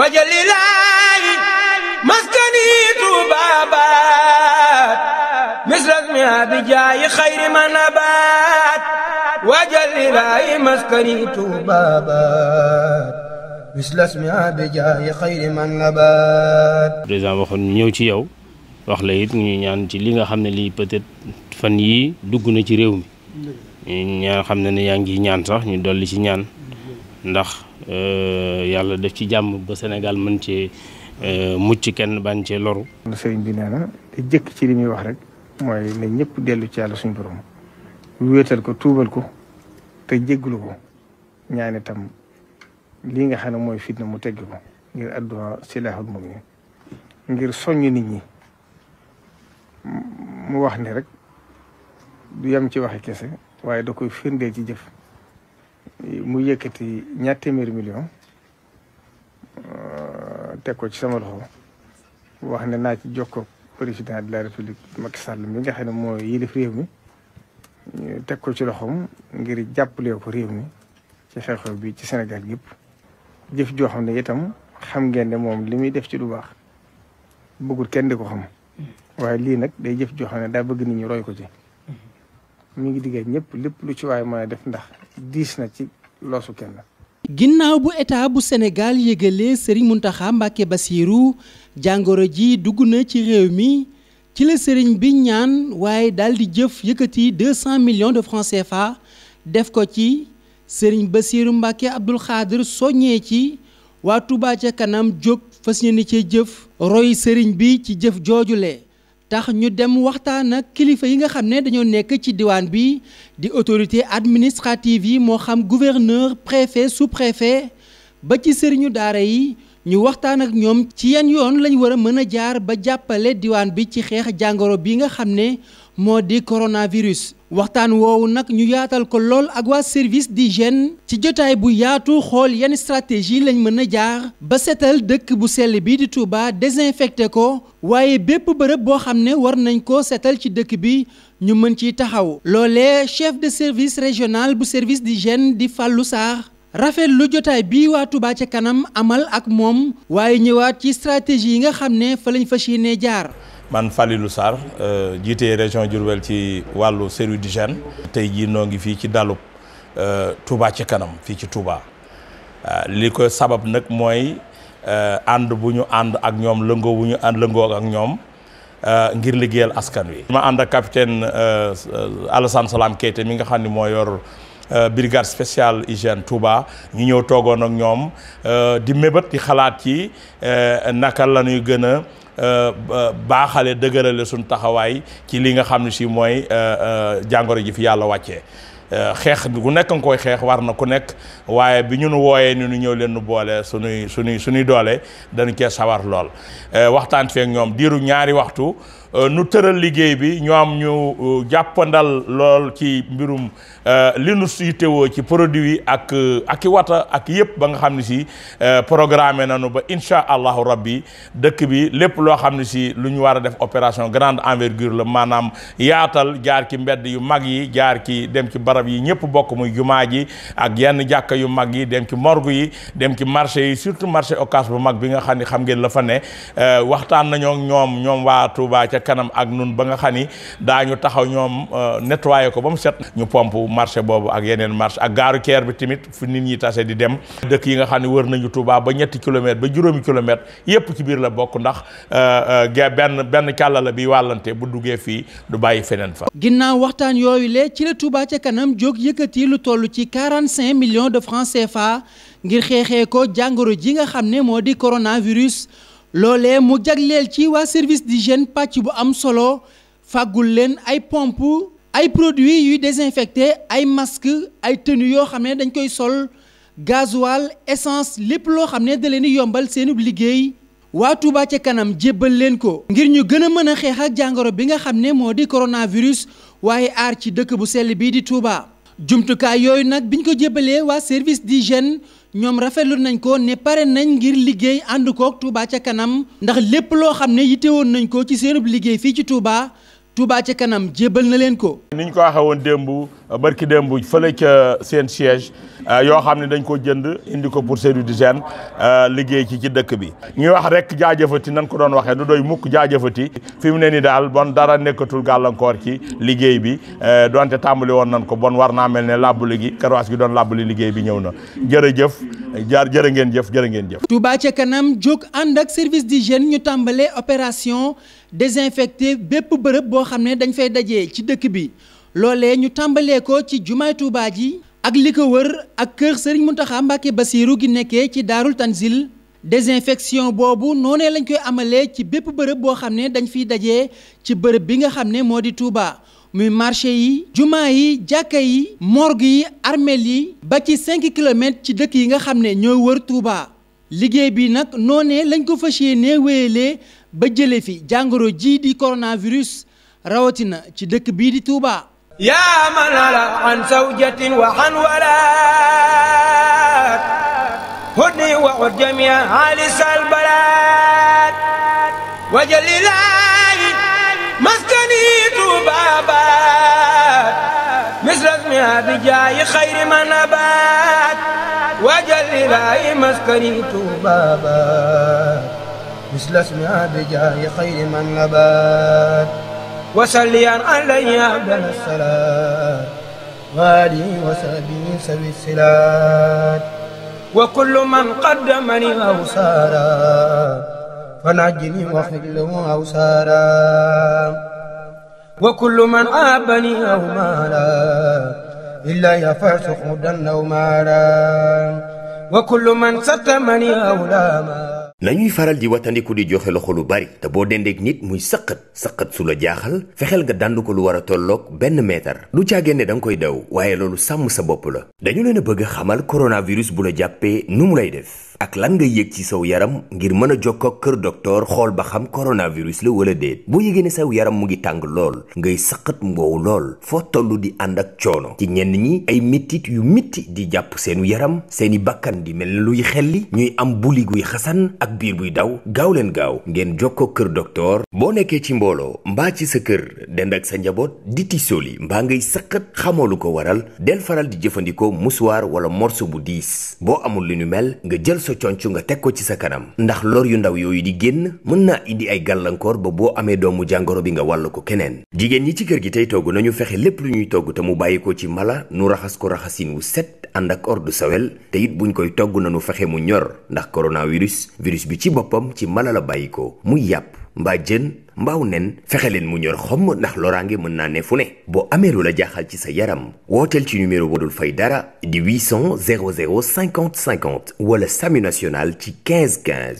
wajalilaayi maskani Tuubaa baat misrasmi abijaayi xayri ma nabaat wajalilaayi maskani Tuubaa baat misrasmi ñëw ci yow wax la it ñu ñaan ci li nga xam ne lii peut-être fan yii dugg na ci réew mi ñu ñaan xam ne ne yaa ngi ñaan sax ñu dolli ci ñaan ndax Euh, yàlla def ci jàmm ba senegal mën cee euh, mucc kenn bañ cee loru. sëriñ bi nee na jëkk ci li muy wax rek mooy ne ñëpp dellu ci yàlla suñu borom wéetal ko tuubal ko te jégglu ko ñaan itam lii nga xam ne mooy fitna mu tegg ko ngir àdduna silaaxul mu'min ngir soññ nit ñi mu wax ni rek du yem ci waxe kese waaye da koy firndee ci jëf. mu yëkkati ñaar million euh, teg ko ci sama loxo wax ne naa ci jokkoo président de la république Macky Sall mi nga xam ne moo yilif réew mi teg ko ci loxoom ngir jàppalee ko réew mi ci xew-xew bi ci senegal yépp jëf joo xam ne itam xam ngeen ne moom li muy def ci du baax bëggul kenn di ko xam waaye lii nag day jëf joo xam ne daa bëgg nit ñi roy ko mm-hmm. ngi diggee ñépp lépp lu ci waaye mën def ndax diis na ci loosu ginnaaw bu état bu Sénégal yëgalee Serigne Mountakha Mbacké Bassirou jàngoro ji dugg na ci réew mi ci la Serigne bi ñaan waaye daal di jëf yëkkati 200 millions de francs CFA def ko ci Serigne Bassirou Mbacké Abdoul Khadr soññee ci waa Touba ca kanam jóg fas yéene cee jëf roy Serigne bi ci jëf joojule tax ñu dem waxtaan ak kilifa yi nga xam ne dañoo nekk ci diwaan bi di autorité administrative yi moo xam gouverneur préfé sous-préfet ba ci sëriñu daara yi ñu waxtaan ak ñoom ci yan yoon lañ war a mën a jaar ba jàppale diwaan bi ci xeex jàngoro bi nga xam ne moo di coronavirus waxtaan woowu nag ñu yaatal ko lool ak waa service di d'hygiène ci jotaay bu yaatu xool yan stratégie lañ mën a jaar ba setal dëkk bu sell bi di Touba désinfecté ko waaye bépp bërëb boo xam ne war nañ ko setal ci dëkk bi ñu mën ciy taxaw loolee chef de service régional bu service di d'hygiène di Fallou Sarr rafet lu jotaay bii waa Touba ci kanam amal ak moom waaye ñëwaat ci stratégie yi nga xam ne fa lañ fas yéenee jaar. man Falilou Sarr euh, jiite région Diourbel ci wàllu service d'hygiène tey jii noo ngi fii ci dalub euh, tubaa ci kanam fii ci Touba euh, li ko sabab nag mooy ànd bu ñu ànd ak ñoom lëngoo bu ñu ànd lëngoo ak ñoom ngir liggéeyal askan wi. ma ànd ak capitaine Alassane Salam Keita mi nga xam ni moo yor. Euh, brigade spéciale hygiène Touba ñu ñëw toogoon ak ñoom euh, di mébat di xalaat ci euh, naka la ñuy gën a baaxale dëgërale suñu taxawaay ci li nga xam ne si mooy jàngoro ji fi yàlla wàccee xeex ku nekk nga koy xeex war na ku nekk waaye bi ñu nu wooyee ni ñu ñëw leen nu boole suñuy suñuy suñuy doole dañu cee sawar lool waxtaan feek ñoom diiru ñaari waxtu Euh, nu tëral liggéey bi ñoom ñu euh, jàppandal lool ci mbirum euh, li nu yittewoo ci produit yi ak ak i wata ak yëpp ba nga xam ne si programme nanu ba incha allahu rabbi dëkk bi lépp loo xam ne si lu ñu war a def opération grande envergure la maanaam yaatal jaar ci mbedd yu mag yi jaar ci dem ci barab yi ñëpp bokk muy jumaa ji ak yenn jàkka yu mag yi dem ci morgue yi dem ci marché yi surtout marché occas bu mag bi nga xam ni xam ngeen la fa ne waxtaan nañoo ñoom ñoom waa kanam ak nun ba nga xam ni daa ñu taxaw ñoom euh, nettoyé ko ba mu set ñu pomp marché boobu ak yeneen marché ak gaaru keer bi tamit fu nit ñi tase di dem dëkk yi nga xam ne wër nañu Touba ba ñetti kilomètre ba juróomi kilomètre yépp ci biir la bokk ndax euh, euh, benn benn càlla bi wàllante bu duggee fii du bàyyi feneen fa ginnaaw waxtaan yooyu le ci la Touba ca kanam jóg yëkkati lu toll ci 45 millions de francs CFA ngir xeexee ko jàngoro ji nga xam ne moo di coronavirus loole mu jagleel ci waa service d'hygiène pàcc bu am solo fàggul leen ay pompe ay produits yuy désinfecté ay masques ay tenues yoo xam ne dañ koy sol gasoil essence lépp loo xam ne da leen di yombal seenub liggéey waa Touba ca kanam jébbal leen ko ngir ñu gën a mën a xeex ak jàngoro bi nga xam ne moo di coronavirus waaye aar ci dëkk bu sell bii di Touba. jumtukaay yooyu nag biñ ko jébalee waa service d'hygiène ñoom rafetlu nañ ko ne pare nañ ngir liggéey ànd kook Touba ca kanam ndax lépp loo xam ne woon nañ ko ci seenub liggéey fii ci Touba Touba ca kanam jébal na leen ko. niñ ko waxee woon démb. barki démb fële ca seen siège euh, yoo xam ne dañ ko jënd indi ko pour service d'hygiène euh, liggéey ci ci dëkk bi ñuy wax rek jaajëfati nan ko doon waxee du doy mukk jaajëfati fi mu ne ni daal bon dara nekkatul gàllankoor ci liggéey bi euh, donte tàmbali woon nan ko bon war naa mel ne làbbuli gi karwaas gi doon làbbuli liggéey bi ñëw na jërëjëf jaar jërë ngeen jëf jërë ngeen jëf Touba ca kanam jóg ànd ak service di d'hygiène ñu tàmbalee opération désinfecté bépp bërëb boo xam ne dañ fay dajee ci dëkk bi loole ñu tàmbalee ko ci jumaay Tuubaa ji ak li ko wër ak kër Serigne Mountakha Mbacké Bassirou gi nekkee ci Daarul Tanzil désinfection boobu noonee lañ koy amalee ci bépp bërëb boo xam ne dañu fiy dajee ci bërëb bi nga xam ne moo di Touba muy marché yi jumaa yi jàkka yi morgue yi armeel yi ba ci 5 ci dëkk yi nga xam ne ñooy wër Touba liggéey bi nag noonee lañ ko fas yéenee wéyalee ba jële fi jàngoro jii di coronavirus rawatina ci dëkk bii di Touba yaa man ala an zawjatin wa an walaat hudni wa ud jamia alisal balaat wajalilaayi maskani tubabat misrasmia bi jaayi xayri man abaat wajalilaayi maskani tubabat misrasmia bi jaayi xayri man abaat wasaliyaan alayhi abdal salaat waalihi wa sahbihi sawi silaat wa man qaddamani aw saara fanajjini wa xillahu aw saara wa man aabani aw maara illaahi afarsu xudan aw maara wa man sattamani aw laama nañuy faral di watandiku di joxe loxo lu bari te boo dendeek nit muy sëqat sëqat su la jaaxal fexeel nga dànd ko lu war a tolloog benn meetar du caagéen ne da koy daw waaye loolu sàmm sa bopp la dañu leen a bëgg xamal coronavirus bu la jàppee nu mu lay def ak lan nga yëg ci saw yaram ngir mën a jokkoo kër docteur xool ba xam coronavirus la wala déet boo yëgee ne saw yaram mu ngi tàng lool ngay saqat mboowu lool foo tollu di ànd ak coono ci ñenn ñi ay méttit yu mitti di jàpp seenu yaram seeni bakkan di mel ne luy xelli ñuy am buli guy xasan ak biir buy daw gaaw leen gaaw ngeen ko kër docteur boo nekkee ci mbooloo mbaa ci sa kër dend ak sa njaboot di li mbaa ngay saqat xamoo lu ko waral del faral di jëfandikoo musuwaar wala morso bu diis boo amul li mel nga jël sa conc nga teg ko ci sa kanam ndax lor yu ndaw yooyu di génn mën naa indi ay gàllankoor ba boo amee doomu jàngoro bi nga wàll ko keneen jigéen ñi ci kër gi tey togg nañu fexe lépp lu ñuy togg te mu bàyyi ko ci mala nu raxas ko raxasin wu set ànd ak ordu sawel te it buñ koy togg na nañu fexe mu ñor ndax coronavirus virus bi ci boppam ci mala la bàyyi ko muy yàpp mbaa jën mbaaw nen fexe leen mu ñor xomm ndax loraange mën naa ne fu ne boo amee lu la jaaxal ci sa yaram wooteel ci numéro bu dul fay dara di 800 00 50 50 wala SAMU national ci quinze 15